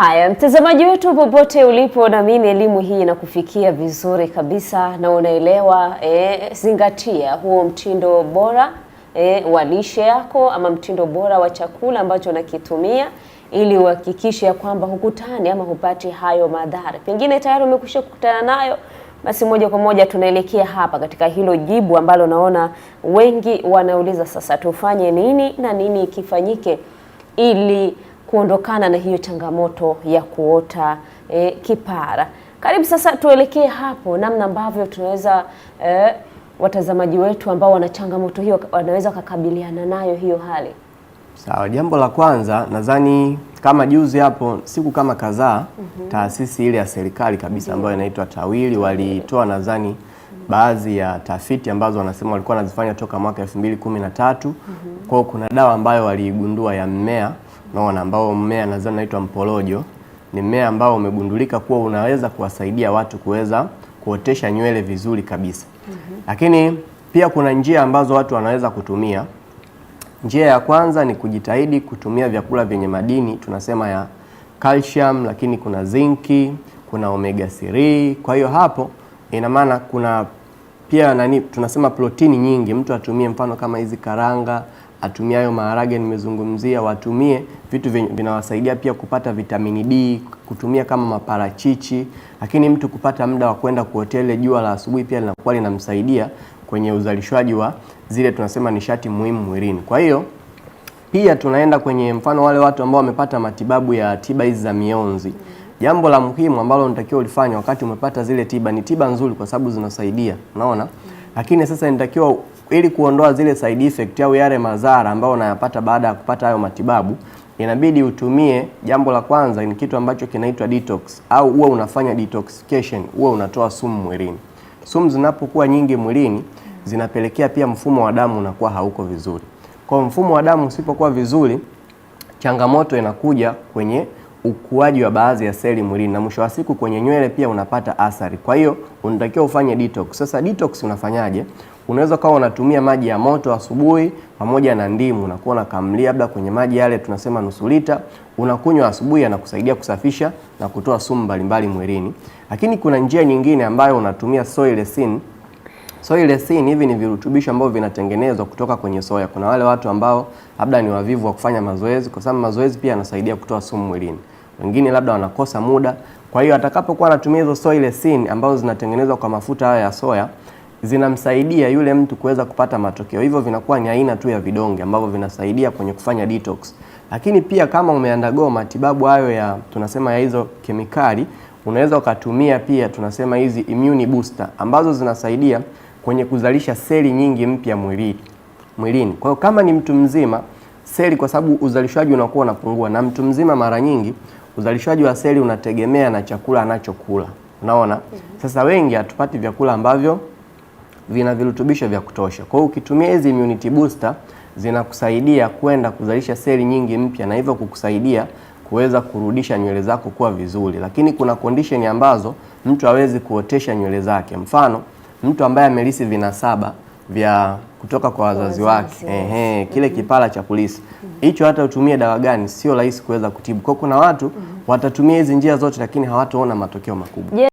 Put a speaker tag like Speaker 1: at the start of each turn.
Speaker 1: Haya, mtazamaji wetu popote ulipo, na mimi elimu hii inakufikia vizuri kabisa na unaelewa. E, zingatia huo mtindo bora e, wa lishe yako ama mtindo bora wa chakula ambacho unakitumia ili uhakikishe ya kwamba hukutani ama hupati hayo madhara. Pengine tayari umekwisha kukutana nayo, basi moja kwa moja tunaelekea hapa katika hilo jibu ambalo naona wengi wanauliza sasa, tufanye nini na nini kifanyike ili kuondokana na hiyo changamoto ya kuota e, kipara. Karibu sasa tuelekee hapo, namna ambavyo tunaweza e, watazamaji wetu ambao wana changamoto hiyo wanaweza wakakabiliana nayo hiyo hali.
Speaker 2: Sawa, jambo la kwanza nadhani kama juzi hapo siku kama kadhaa mm -hmm. taasisi ile ya serikali kabisa mm ambayo inaitwa TAWIRI walitoa nadhani mhm. baadhi ya tafiti ambazo wanasema walikuwa wanazifanya toka mwaka elfu mbili kumi na tatu mhm. Kwa kuna dawa ambayo waliigundua ya mmea, naona ambao mmea nadhani naitwa mporojo. Ni mmea ambao umegundulika kuwa unaweza kuwasaidia watu kuweza kuotesha nywele vizuri kabisa. mm -hmm. Lakini pia kuna njia ambazo watu wanaweza kutumia. Njia ya kwanza ni kujitahidi kutumia vyakula vyenye madini tunasema ya calcium, lakini kuna zinki, kuna omega 3. Kwa hiyo hapo ina maana kuna pia nani tunasema protini nyingi, mtu atumie mfano kama hizi karanga atumie hayo maharage nimezungumzia, watumie vitu vinawasaidia pia kupata vitamini D, kutumia kama maparachichi. Lakini mtu kupata muda wa kwenda kuhoteli, jua la asubuhi pia linakuwa linamsaidia kwenye uzalishwaji wa zile tunasema nishati muhimu mwilini. Kwa hiyo pia tunaenda kwenye mfano wale watu ambao wamepata matibabu ya tiba hizi za mionzi. Jambo la muhimu ambalo unatakiwa ulifanya wakati umepata zile tiba, ni tiba nzuri kwa sababu zinasaidia, unaona. Lakini sasa inatakiwa ili kuondoa zile side effect au yale madhara ambayo unayapata baada ya kupata hayo matibabu, inabidi utumie. Jambo la kwanza ni kitu ambacho kinaitwa detox, au huwa unafanya detoxification, huwa unatoa sumu mwilini. Sumu zinapokuwa nyingi mwilini zinapelekea pia mfumo wa damu unakuwa hauko vizuri. Kwa mfumo wa damu usipokuwa vizuri, changamoto inakuja kwenye ukuaji wa baadhi ya seli mwilini na mwisho wa siku kwenye nywele pia unapata athari. Kwa hiyo unatakiwa ufanye detox. Sasa detox unafanyaje? Unaweza ukawa unatumia maji ya moto asubuhi pamoja na ndimu, unakuwa unakamlia labda kwenye maji yale tunasema nusu lita, unakunywa asubuhi, yanakusaidia kusafisha na kutoa sumu mbalimbali mwilini. Lakini kuna njia nyingine ambayo unatumia soy lecithin. Soy lecithin hivi ni virutubisho ambavyo vinatengenezwa kutoka kwenye soya. Kuna wale watu ambao labda ni wavivu wa kufanya mazoezi, kwa sababu mazoezi pia yanasaidia kutoa sumu mwilini, wengine labda wanakosa muda. Kwa hiyo atakapokuwa anatumia hizo soy lecithin ambazo zinatengenezwa kwa mafuta haya ya soya zinamsaidia yule mtu kuweza kupata matokeo. Hivyo vinakuwa ni aina tu ya vidonge ambavyo vinasaidia kwenye kufanya detox. Lakini pia kama umeandago matibabu hayo ya tunasema ya hizo kemikali, unaweza ukatumia pia tunasema hizi immune booster ambazo zinasaidia kwenye kuzalisha seli nyingi mpya mwilini mwilini. Kwa hiyo kama ni mtu mzima seli, kwa sababu uzalishaji unakuwa unapungua, na mtu mzima mara nyingi uzalishaji wa seli unategemea na chakula anachokula, unaona. Mm-hmm. Sasa wengi hatupati vyakula ambavyo vina virutubisho vya kutosha. Kwa hiyo ukitumia hizi immunity booster zinakusaidia kwenda kuzalisha seli nyingi mpya na hivyo kukusaidia kuweza kurudisha nywele zako kuwa vizuri. Lakini kuna condition ambazo mtu hawezi kuotesha nywele zake, mfano mtu ambaye amelisi vinasaba vya kutoka kwa wazazi wake, ehe, mm-hmm. kile kipara cha kulisi mm-hmm. hicho, hata utumie dawa gani, sio rahisi kuweza kutibu. Kwa kuna watu mm-hmm. watatumia hizi njia zote, lakini hawataona matokeo makubwa.